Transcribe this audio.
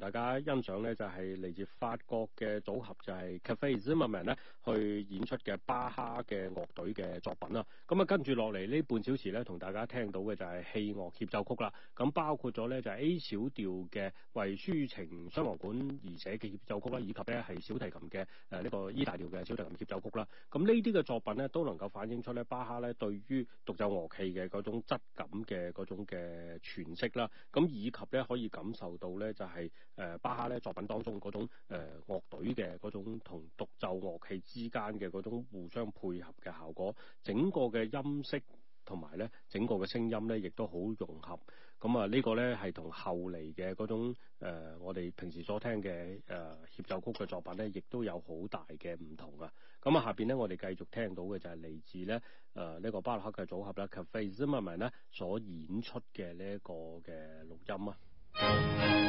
大家欣賞咧，就係嚟自法國嘅組合，就係 Café Zimmermann 咧去演出嘅巴哈嘅樂隊嘅作品啦。咁啊，跟住落嚟呢半小時咧，同大家聽到嘅就係器樂協奏曲啦。咁包括咗咧就係 A 小調嘅為抒情雙簧管而寫嘅協奏曲啦，以及咧係小提琴嘅呢、呃這個 E 大調嘅小提琴協奏曲啦。咁呢啲嘅作品咧，都能夠反映出咧巴哈咧對於獨奏樂器嘅嗰種質感嘅嗰種嘅詮釋啦。咁以及咧可以感受到咧就係、是誒、呃、巴哈咧作品當中嗰種誒、呃、樂隊嘅嗰種同獨奏樂器之間嘅嗰種互相配合嘅效果，整個嘅音色同埋咧整個嘅聲音咧，亦都好融合。咁啊，呢個咧係同後嚟嘅嗰種、呃、我哋平時所聽嘅誒、呃、協奏曲嘅作品咧，亦都有好大嘅唔同啊！咁啊，下邊咧我哋繼續聽到嘅就係嚟自咧誒呢、呃這個巴洛克嘅組合啦，Café Zimmermann 咧所演出嘅呢一個嘅錄音啊。